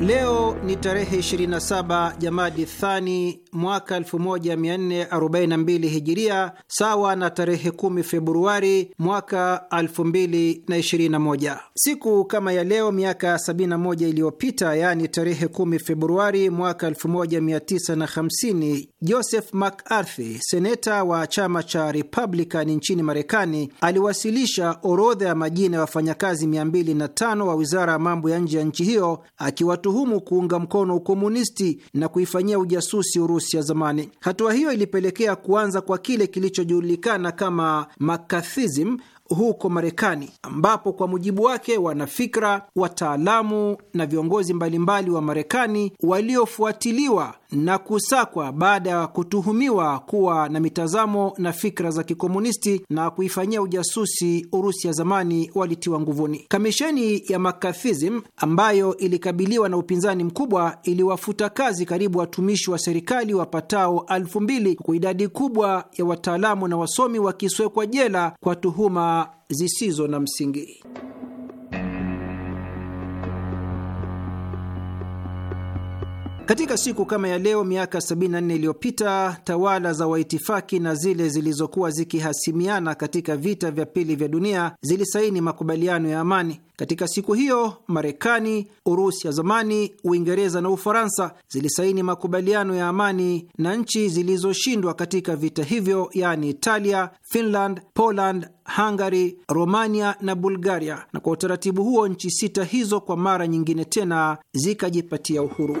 Leo ni tarehe 27 Jamadi Thani mwaka 1442 Hijiria, sawa na tarehe 10 Februari mwaka 2021. Siku kama ya leo miaka 71 iliyopita, yaani tarehe 10 Februari mwaka 1950, Joseph McCarthy, seneta wa chama cha Republican nchini Marekani, aliwasilisha orodha ya majina ya wafanyakazi 205 wa wizara ya mambo ya nje ya nchi hiyo akiwa kuwatuhumu kuunga mkono ukomunisti na kuifanyia ujasusi Urusi ya zamani. Hatua hiyo ilipelekea kuanza kwa kile kilichojulikana kama makathism huko Marekani ambapo kwa mujibu wake wanafikra, wataalamu na viongozi mbalimbali wa Marekani waliofuatiliwa na kusakwa baada ya kutuhumiwa kuwa na mitazamo na fikra za kikomunisti na kuifanyia ujasusi Urusi ya zamani walitiwa nguvuni. Kamisheni ya McCarthyism ambayo ilikabiliwa na upinzani mkubwa iliwafuta kazi karibu watumishi wa serikali wapatao elfu mbili huku idadi kubwa ya wataalamu na wasomi wakiswekwa jela kwa tuhuma zisizo na msingi. Katika siku kama ya leo miaka 74 iliyopita tawala za waitifaki na zile zilizokuwa zikihasimiana katika vita vya pili vya dunia zilisaini makubaliano ya amani. Katika siku hiyo Marekani, Urusi ya zamani, Uingereza na Ufaransa zilisaini makubaliano ya amani na nchi zilizoshindwa katika vita hivyo, yaani Italia, Finland, Poland, Hungary, Romania na Bulgaria, na kwa utaratibu huo nchi sita hizo kwa mara nyingine tena zikajipatia uhuru.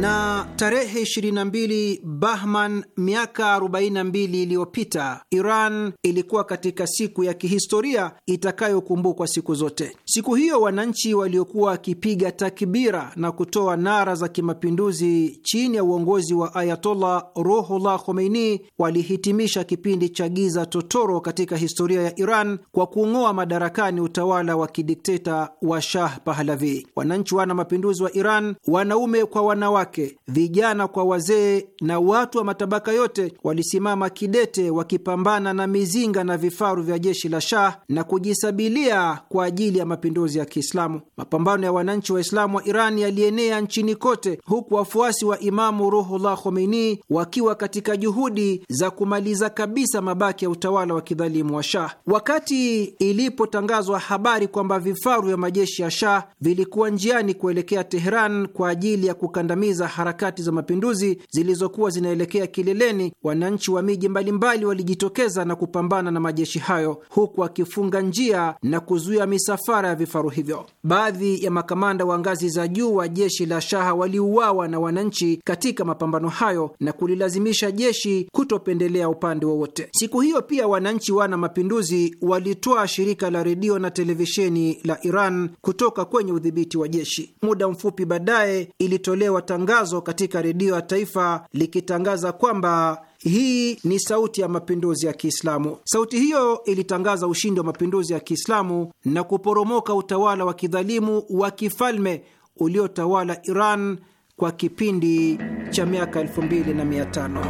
Na tarehe 22 Bahman miaka 42 iliyopita, Iran ilikuwa katika siku ya kihistoria itakayokumbukwa siku zote. Siku hiyo wananchi waliokuwa wakipiga takbira na kutoa nara za kimapinduzi chini ya uongozi wa Ayatollah ruhullah Khomeini walihitimisha kipindi cha giza totoro katika historia ya Iran kwa kung'oa madarakani utawala wa kidikteta wa Shah Pahlavi. Wananchi wana mapinduzi wa Iran, wanaume kwa wanawake wake, vijana kwa wazee na watu wa matabaka yote walisimama kidete wakipambana na mizinga na vifaru vya jeshi la Shah na kujisabilia kwa ajili ya mapinduzi ya Kiislamu. Mapambano ya wananchi Waislamu wa Iran yalienea nchini kote, huku wafuasi wa Imamu Ruhullah Khomeini wakiwa katika juhudi za kumaliza kabisa mabaki ya utawala wa kidhalimu wa Shah. Wakati ilipotangazwa habari kwamba vifaru vya majeshi ya Shah vilikuwa njiani kuelekea Teheran kwa ajili ya kukandamiza za harakati za mapinduzi zilizokuwa zinaelekea kileleni, wananchi wa miji mbalimbali walijitokeza na kupambana na majeshi hayo, huku wakifunga njia na kuzuia misafara ya vifaru hivyo. Baadhi ya makamanda wa ngazi za juu wa jeshi la shaha waliuawa na wananchi katika mapambano hayo na kulilazimisha jeshi kutopendelea upande wowote. Siku hiyo pia wananchi wana mapinduzi walitoa shirika la redio na televisheni la Iran kutoka kwenye udhibiti wa jeshi. Muda mfupi baadaye ilitolewa tangazo katika redio ya taifa likitangaza kwamba hii ni sauti ya mapinduzi ya Kiislamu. Sauti hiyo ilitangaza ushindi wa mapinduzi ya Kiislamu na kuporomoka utawala wa kidhalimu wa kifalme uliotawala Iran kwa kipindi cha miaka 2500.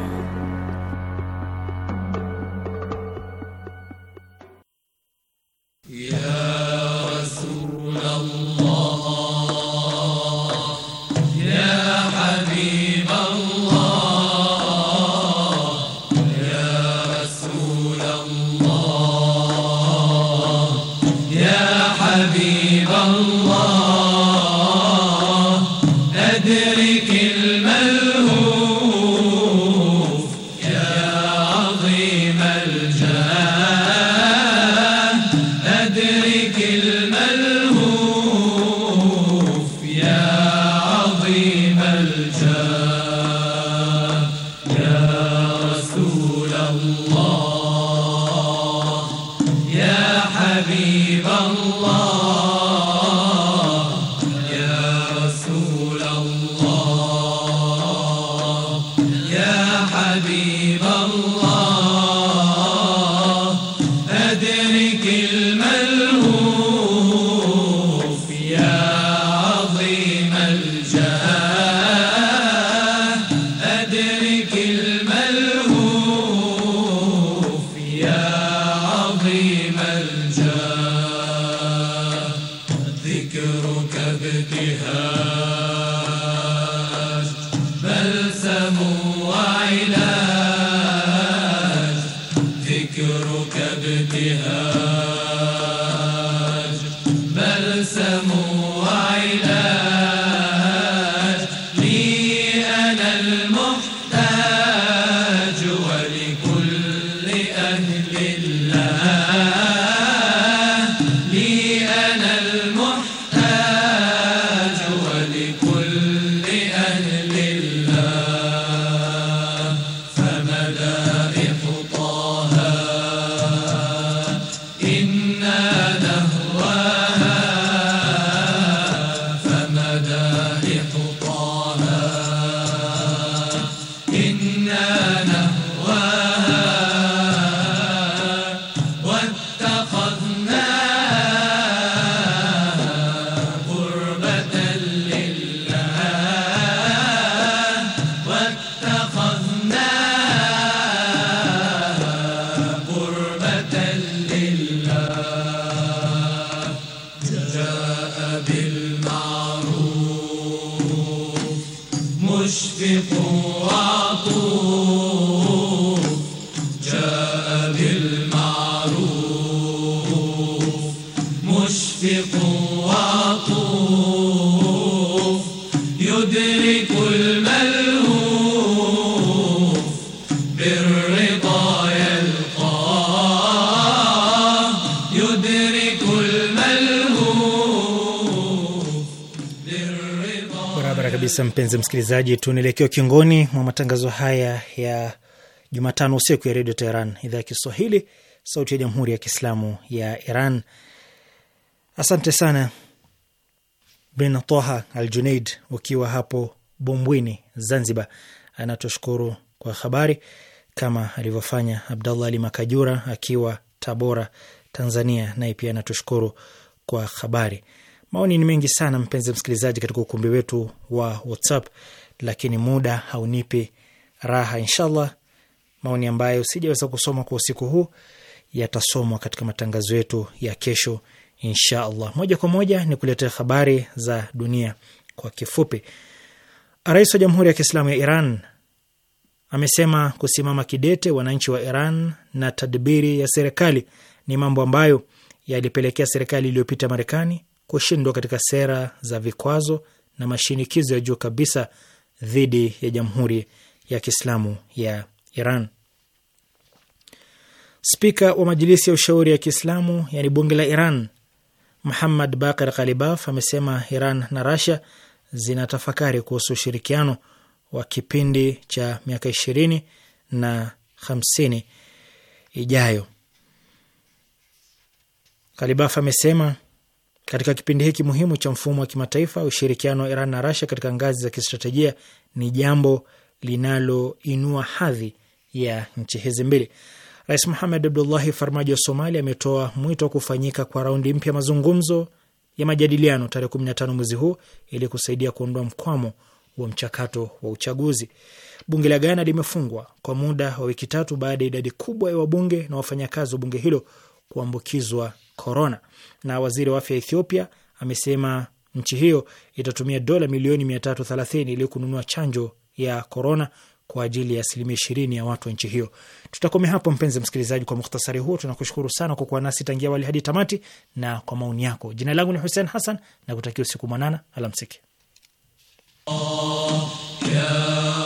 Ya Rasulullah mpenzi msikilizaji, tunaelekea ukingoni mwa matangazo haya ya Jumatano usiku ya redio Teheran, idhaa ya Kiswahili, sauti ya jamhuri ya kiislamu ya Iran. Asante sana Bin Toha Al Junaid, ukiwa hapo Bumbwini, Zanzibar, anatushukuru kwa habari kama alivyofanya Abdallah Ali Makajura akiwa Tabora, Tanzania, naye pia anatushukuru kwa habari. Maoni ni mengi sana, mpenzi msikilizaji, katika ukumbi wetu wa WhatsApp, lakini muda haunipi raha. Inshallah, maoni ambayo sijaweza kusoma kwa usiku huu yatasomwa katika matangazo yetu ya kesho inshallah. Moja kwa moja ni kuletea habari za dunia kwa kifupi. Rais wa Jamhuri ya Kiislamu ya Iran amesema kusimama kidete wananchi wa Iran na tadbiri ya serikali ni mambo ambayo yalipelekea serikali iliyopita Marekani kushindwa katika sera za vikwazo na mashinikizo ya juu kabisa dhidi ya Jamhuri ya Kiislamu ya Iran. Spika wa Majilisi ya Ushauri ya Kiislamu, yani bunge la Iran, Muhammad Bakar Kalibaf amesema Iran na Rasia zinatafakari kuhusu ushirikiano wa kipindi cha miaka ishirini na hamsini ijayo. Kalibaf amesema katika kipindi hiki muhimu cha mfumo wa kimataifa, ushirikiano wa Iran na Rasia katika ngazi za kistratejia ni jambo linaloinua hadhi ya nchi hizi mbili. Rais Muhamed Abdullahi Farmaji wa Somalia ametoa mwito wa kufanyika kwa raundi mpya mazungumzo ya majadiliano tarehe tano mwezi huu ili kusaidia kuondoa mkwamo wa mchakato wa uchaguzi. Bunge la Ghana limefungwa kwa muda wa wiki tatu baada ya idadi kubwa ya wabunge na wafanyakazi wa bunge hilo kuambukizwa korona. Na waziri wa afya ya Ethiopia amesema nchi hiyo itatumia dola milioni thelathini ili kununua chanjo ya korona kwa ajili ya asilimia ishirini ya watu wa nchi hiyo. Tutakomea hapo mpenzi msikilizaji, kwa muhtasari huo. Tunakushukuru sana kwa kuwa nasi tangia wali hadi tamati na kwa maoni yako. Jina langu ni Hussein Hassan na kutakia usiku mwanana, alamsiki. Oh, yeah.